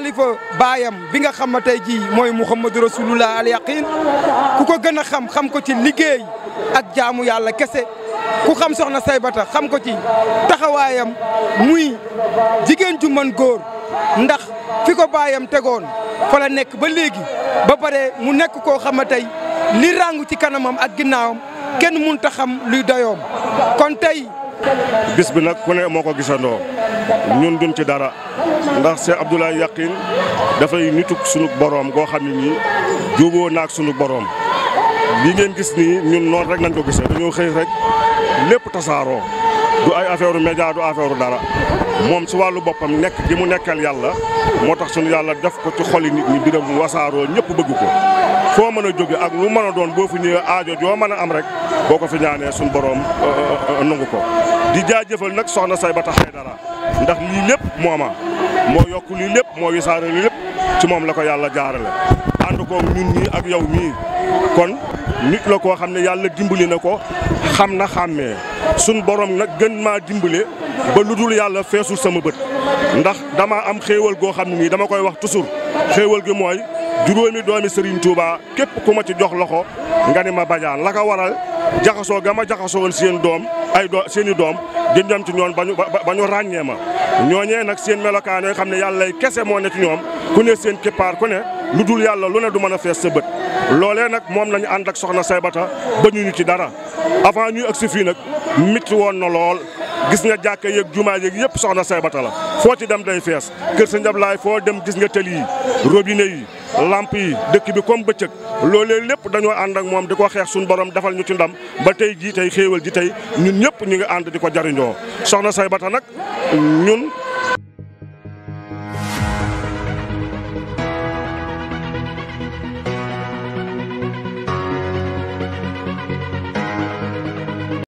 xalifa baayam bi nga xam ne jii mooy Mouhamadou Rasulullah al yaqin ku ko gën a xam xam ko ci liggéey ak jaamu yàlla kese ku xam soxna Saybata xam ko ci taxawaayam muy jigéen ju mën góor ndax fi ko baayam tegoon fa nekk ba léegi ba pare mu nekk koo xam ne tey li ràngu ci kanamam ak ginnaawam kenn munta xam luy doyoom kon tey bis bi nag ku ne moo ko gisandoo ñun duñ ci dara ndax Cheikh Abdoulaye Yakhine dafay nituk sunu boroom goo xam ne nii juboo naak sunu boroom li ngeen gis nii ñun noonu rek nañ ko gisee dañoo xëy rek lépp tasaaroo du ay affaire média du affaire dara moom si wàllu boppam nekk gi mu nekkal yàlla moo tax suñu yàlla def ko ci xoli nit ñi biram wasaaroo ñëpp bëgg ko foo mën a jóge ak lu mën a doon boo fi ñëwee aajo joo mën a am rek boo ko fi ñaanee suñu boroom euh, euh, euh, nangu ko di jaajëfal nag soxna say ba taxay dara ndax lii lépp mooma moo yokk lii lépp moo wisaare lii lépp ci moom la ko yàlla jaarale ànd ko ñun ñii ak yow mii kon nit la xam ne yàlla dimbali na ko xam na xàmmee sun borom nag gën maa dimbale ba lu dul yàlla feesul sama bët ndax dama am xéewal goo xam ne nii dama koy wax toujours xéewal gi mooy juróomi doomi Serigne Touba képp ku ma ci jox loxo nga ni ma bajaan la ko waral jaxasoo ga ma jaxasoo seen doom ay doo seen doom di dem ci ñoom ba ñu ba ñu ràññee ma. ñooñee nag seen melokaan yoo xam ne yàlla lay kese moo ne ci ñoom ku ne seen keppaar ku ne lu dul yàlla lu ne du mën a fees sa bët loolee nag moom la ñu ànd ak soxna Saybata ba ñu ci dara. avant ñuy agsi fii nag métti woon na lool gis nga jàkka yeeg jumaa yeeg yëpp soxna say bata la foo ci dem day fees kër sa njablaay foo dem gis nga tël yi robinet yi lamp yi dëkk bi comme bëccëg loolee lépp dañoo ànd ak moom di ko xeex suñu boroom defal ñu ci ndam ba tey jii tey xéewal ji tey ñun ñëpp ñu ngi ànd di ko jariñoo soxna say bata nag ñun